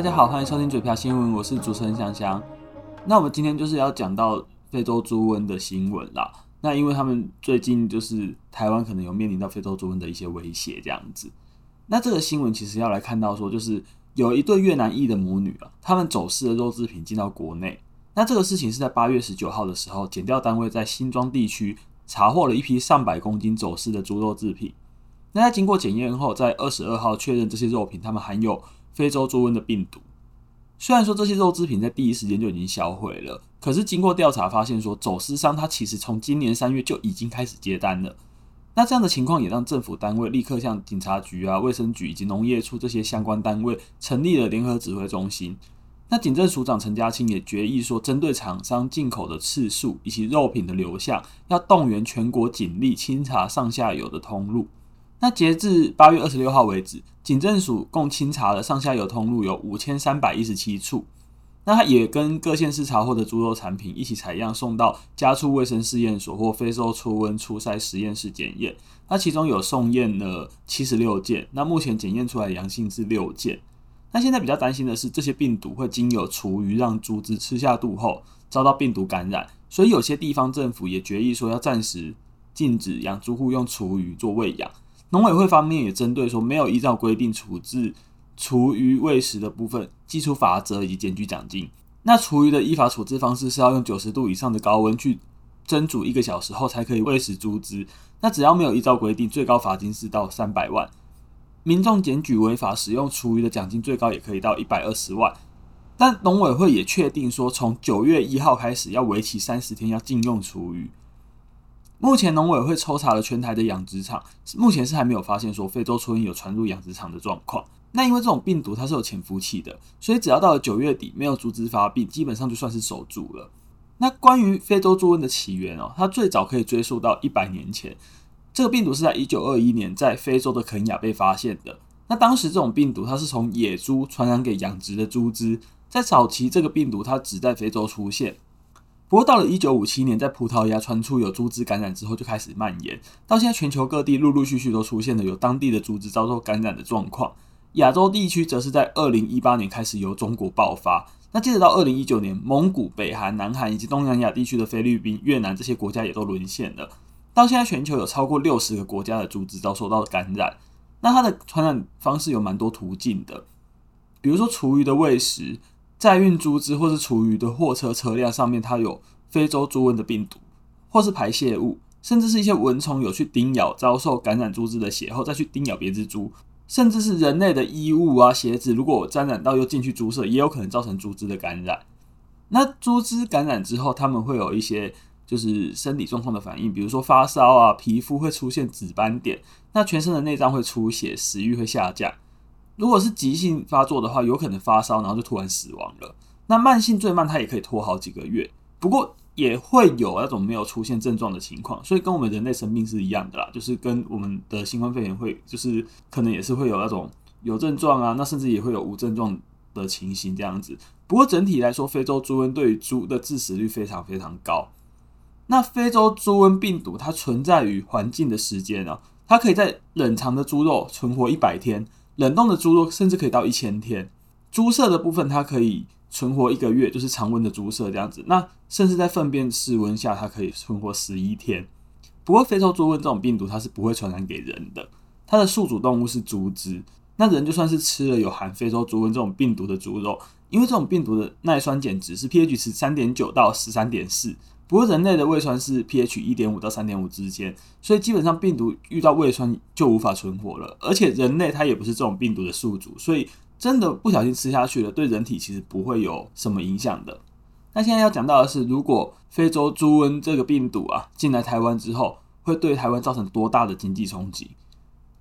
大家好，歡迎收聽嘴瓢新聞，我是主持人香香。那我們今天就是要講到非洲豬瘟的新聞啦。那因為他們最近就是台灣可能有面臨到非洲豬瘟的一些威脅這樣子。那這個新聞其實要來看到說，就是有一對越南裔的母女啊，他們走私的肉製品進到國內。那這個事情是在八月十九號的時候，檢調單位在新莊地區查獲了一批上百公斤走私的豬肉製品。那在經過檢驗後，在二十二號確認這些肉品，它們含有。非洲豬瘟的病毒，雖然說這些肉製品在第一時間就已經銷毀了，可是經過調查發現，說走私商他其實從今年三月就已經開始接單了。那這樣的情況也讓政府單位立刻向警察局啊、衛生局以及農業處這些相關單位成立了聯合指揮中心。那警政署長陳家清也決議說，針對廠商進口的次數以及肉品的流向，要動員全國警力清查上下游的通路。那截至八月二十六號為止，警政署共清查了上下游通路有五千三百一十七處。那它也跟各縣市查獲的豬肉產品一起採樣，送到家畜衛生試驗所或非洲豬瘟初篩實驗室檢驗。那其中有送驗了七十六件，那目前檢驗出來陽性是六件。那現在比較擔心的是，這些病毒會經由廚餘讓豬只吃下肚後遭到病毒感染，所以有些地方政府也決議說要暫時禁止養豬戶用廚餘做餵養。農委會方面也針對說，沒有依照規定處置廚餘餵食的部分，祭出罰則以及檢舉獎金。那廚餘的依法處置方式是要用九十度以上的高溫去蒸煮一個小時後才可以餵食豬只。那只要沒有依照規定，最高罰金是到三百萬。民眾檢舉違法使用廚餘的獎金最高也可以到一百二十萬。但農委會也確定說，從九月一號開始要為期三十天要禁用廚餘。目前農委會抽查了全台的養殖場，目前是還沒有發現說非洲豬瘟有傳入養殖場的狀況。那因為這種病毒它是有潛伏期的，所以只要到了九月底沒有豬隻發病，基本上就算是守住了。那關於非洲豬瘟的起源哦，它最早可以追溯到一百年前，這個病毒是在一九二一年在非洲的肯亞被發現的。那當時這種病毒它是從野豬傳染給養殖的豬隻，在早期這個病毒它只在非洲出現。不過，到了一九五七年，在葡萄牙傳出有豬隻感染之後，就開始蔓延。到現在，全球各地陸陸續續都出現了有當地的豬隻遭受感染的狀況。亞洲地區則是在二零一八年開始由中國爆發。那接着到二零一九年，蒙古、北韓、南韓以及東南亞地區的菲律賓、越南這些國家也都淪陷了。到現在，全球有超過六十個國家的豬隻遭受到了感染。那它的傳染方式有蠻多途徑的，比如說廚餘的餵食。在運豬只或是廚餘的貨車車輛上面，它有非洲豬瘟的病毒，或是排泄物，甚至是一些蚊蟲有去叮咬，遭受感染豬隻的血後再去叮咬別只豬，甚至是人類的衣物啊、鞋子，如果沾染到又進去豬舍，也有可能造成豬只的感染。那豬只感染之後，他們會有一些就是身體狀況的反應，比如說發燒啊，皮膚會出現紫斑點，那全身的內臟會出血，食欲會下降。如果是急性發作的話，有可能發燒，然後就突然死亡了。那慢性最慢，它也可以拖好幾個月，不過也會有那種沒有出現症狀的情況。所以跟我們人類生病是一樣的啦，就是跟我們的新冠肺炎會，就是可能也是會有那種有症狀啊，那甚至也會有無症狀的情形這樣子。不過整體來說，非洲豬瘟對於豬的致死率非常非常高。那非洲豬瘟病毒它存在於環境的時間呢？它可以在冷藏的豬肉存活一百天。冷凍的豬肉甚至可以到一千天，豬舍的部分它可以存活一個月，就是常溫的豬舍這樣子。那甚至在糞便室溫下，它可以存活十一天。不過非洲豬瘟這種病毒它是不會傳染給人的，它的宿主動物是豬隻。那人就算是吃了有含非洲豬瘟這種病毒的豬肉，因為這種病毒的耐酸鹼值是 pH 值三點九到十三點四。不過人類的胃酸是 pH 一點五到三點五之間，所以基本上病毒遇到胃酸就無法存活了。而且人類它也不是這種病毒的宿主，所以真的不小心吃下去了，對人體其實不會有什麼影響的。那現在要講到的是，如果非洲豬瘟這個病毒啊進來台灣之後，會對台灣造成多大的經濟衝擊？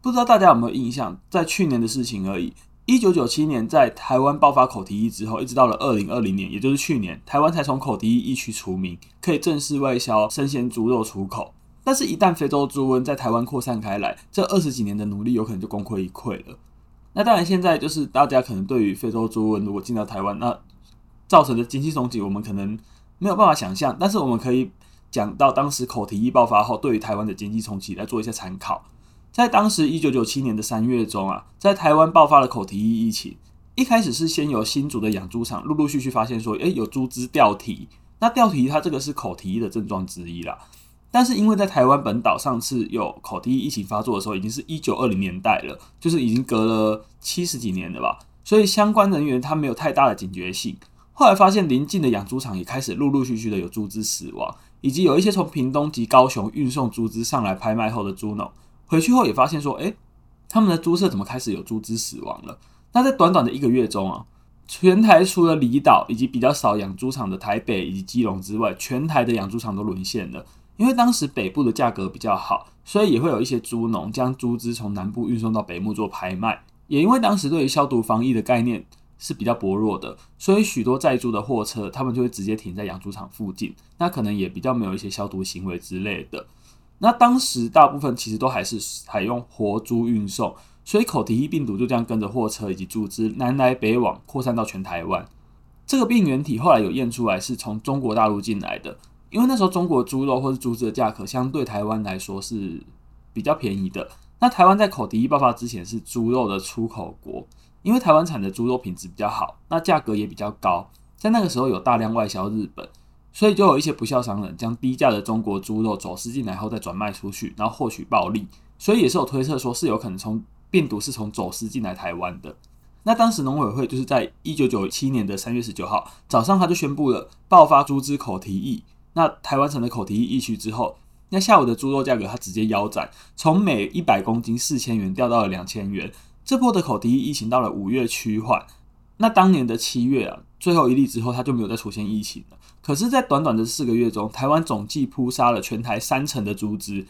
不知道大家有沒有印象，在去年的事情而已。一九九七年在台灣爆發口蹄疫之後，一直到了二零二零年，也就是去年，台灣才從口蹄疫疫區除名，可以正式外銷生鮮豬肉出口。但是，一旦非洲豬瘟在台灣擴散開來，這二十幾年的努力有可能就功虧一簣了。那當然，現在就是大家可能對於非洲豬瘟如果進到台灣，那造成的經濟衝擊，我們可能沒有辦法想象。但是，我們可以講到當時口蹄疫爆發後，對於台灣的經濟衝擊來做一下參考。在當時，一九九七年的三月中啊，在台灣爆發了口蹄疫疫情。一開始是先由新竹的養豬場陸陸續續發現說，誒、欸、有豬只掉蹄。那掉蹄它這個是口蹄疫的症狀之一啦。但是因為，在台灣本島上次有口蹄疫疫情發作的時候，已經是一九二零年代了，就是已經隔了七十幾年了吧。所以相關人員他沒有太大的警覺性。後來發現鄰近的養豬場也開始陸陸續續的有豬只死亡，以及有一些從屏東及高雄運送豬只上來拍賣後的豬農。回去後也發現說，誒、欸，他們的豬舍怎麼開始有豬只死亡了？那在短短的一個月中啊，全台除了離島以及比較少養豬場的台北以及基隆之外，全台的養豬場都淪陷了。因為當時北部的價格比較好，所以也會有一些豬農將豬只從南部運送到北部做拍賣。也因為當時對於消毒防疫的概念是比較薄弱的，所以許多載豬的貨車他們就會直接停在養豬場附近，那可能也比較沒有一些消毒行為之類的。那當時大部分其實都還是採用活豬運送，所以口蹄疫病毒就這樣跟着貨車以及豬隻南來北往擴散到全台灣。這個病原體後來有驗出來是從中國大陸進來的，因為那時候中國豬肉或是豬隻的價格相對台灣來說是比較便宜的。那台灣在口蹄疫爆發之前是豬肉的出口國，因為台灣產的豬肉品質比較好，那價格也比較高，在那個時候有大量外銷日本。所以就有一些不肖商人將低價的中國豬肉走私進來後再轉賣出去，然後獲取暴利。所以也是有推測說是有可能從病毒是從走私進來台灣的。那當時農委會就是在一九九七年的三月十九號早上，他就宣布了爆發豬隻口蹄疫。那台灣成了口蹄疫疫區之後，那下午的豬肉價格它直接腰斬，從每一百公斤四千元掉到了兩千元。這波的口蹄疫疫情到了五月趨緩，那當年的七月啊最後一例之後，它就沒有再出現疫情了。可是，在短短的四個月中，台灣總計撲殺了全台三成的豬隻。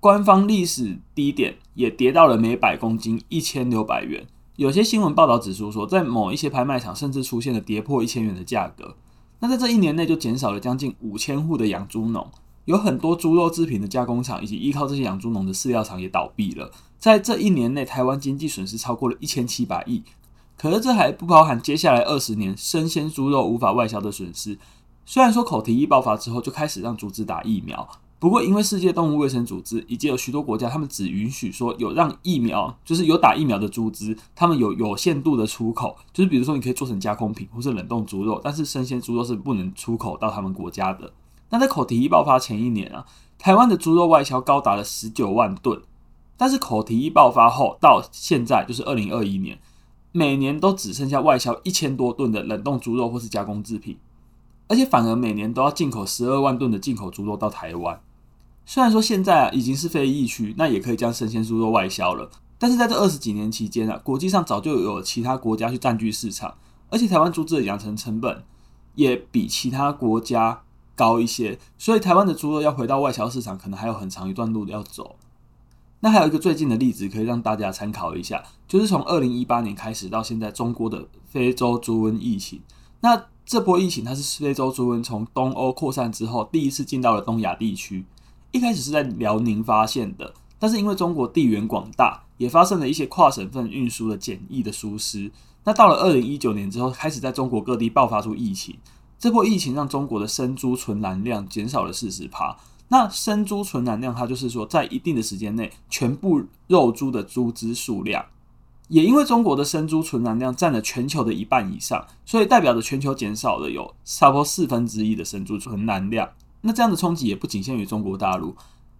官方歷史低點也跌到了每百公斤一千六百元。有些新聞報道指出，說在某一些拍賣場，甚至出現了跌破一千元的價格。那在這一年內，就減少了將近五千戶的養豬農，有很多豬肉製品的加工廠，以及依靠這些養豬農的飼料廠也倒閉了。在這一年內，台灣經濟損失超過了一千七百億。可是，這還不包含接下來二十年生鮮豬肉無法外銷的損失。雖然說口蹄疫爆發之後，就開始讓豬只打疫苗，不過因為世界動物衛生組織以及有許多國家，他們只允許說有讓疫苗，就是有打疫苗的豬只，他們有有限度的出口，就是比如說你可以做成加工品或是冷凍豬肉，但是生鮮豬肉是不能出口到他們國家的。那在口蹄疫爆發前一年啊，台灣的豬肉外銷高達了十九萬噸，但是口蹄疫爆發後到現在，就是二零二一年，每年都只剩下外銷一千多噸的冷凍豬肉或是加工製品。而且反而每年都要進口十二萬噸的進口豬肉到台灣，雖然說現在啊已經是非疫區，那也可以將生鮮豬肉外銷了。但是在這二十幾年期間啊，國際上早就有其他國家去占據市場，而且台灣豬只的養成成本也比其他國家高一些，所以台灣的豬肉要回到外銷市場，可能還有很長一段路要走。那還有一個最近的例子可以讓大家參考一下，就是從二零一八年開始到現在，中國的非洲豬瘟疫情那。這波疫情它是非洲豬瘟從東歐擴散之後第一次進到了東亞地區，一開始是在遼寧發現的，但是因為中國地緣廣大，也發生了一些跨省份運輸的檢疫的疏失，那到了二零一九年之後開始在中國各地爆發出疫情。這波疫情讓中國的生豬存欄量減少了四十趴，那生豬存欄量它就是說在一定的時間內全部肉豬的豬隻數量。也因為中國的生豬存欄量占了全球的一半以上，所以代表着全球減少了有差不多四分之一的生豬存欄量。那這樣的衝擊也不僅限於中國大陸，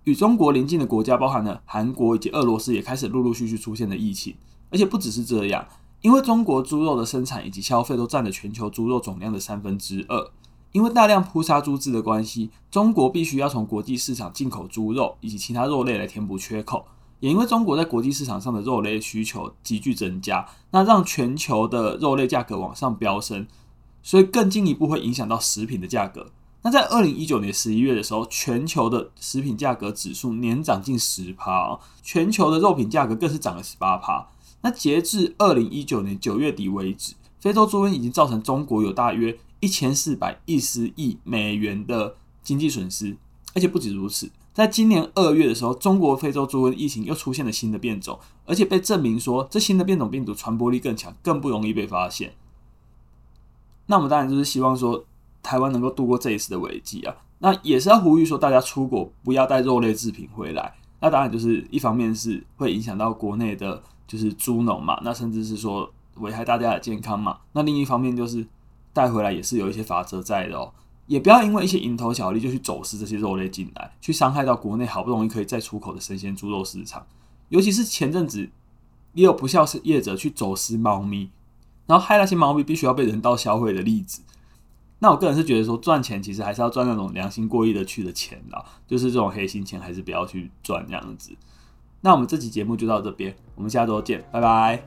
與中國鄰近的國家，包含了韓國以及俄羅斯，也開始陸陸續續，續出現了疫情。而且不只是這樣，因為中國豬肉的生產以及消費都占了全球豬肉總量的三分之二。因為大量撲殺豬隻的關係，中國必須要從國際市場進口豬肉以及其他肉類來填補缺口。也因為中國在國際市場上的肉類需求急劇增加，那讓全球的肉類價格往上飆升，所以更進一步會影響到食品的價格。那在二零一九年十一月的時候，全球的食品價格指數年漲近十趴，全球的肉品價格更是漲了十八趴。那截至二零一九年九月底為止，非洲豬瘟已經造成中國有大約一千四百一十億美元的經濟損失，而且不止如此。在今年二月的時候，中國非洲豬瘟疫情又出現了新的變種，而且被證明說，這新的變種病毒傳播力更強，更不容易被發現。那我們當然就是希望說台灣能夠度過這一次的危機啊。那也是要呼籲說大家出國不要帶肉類製品回來。那當然就是一方面是會影響到國內的，就是豬農嘛，那甚至是說危害大家的健康嘛。那另一方面就是帶回來也是有一些法則在的哦。也不要因為一些蠅頭小利就去走私這些肉類進來，去傷害到國內好不容易可以再出口的生鮮豬肉市場。尤其是前陣子也有不肖業者去走私貓咪，然後害那些貓咪必須要被人道銷毀的例子。那我個人是覺得說，賺錢其實還是要賺那種良心過意的去的錢啦、啊，就是這種黑心錢還是不要去賺這樣子。那我們這期節目就到這邊，我們下周見，拜拜。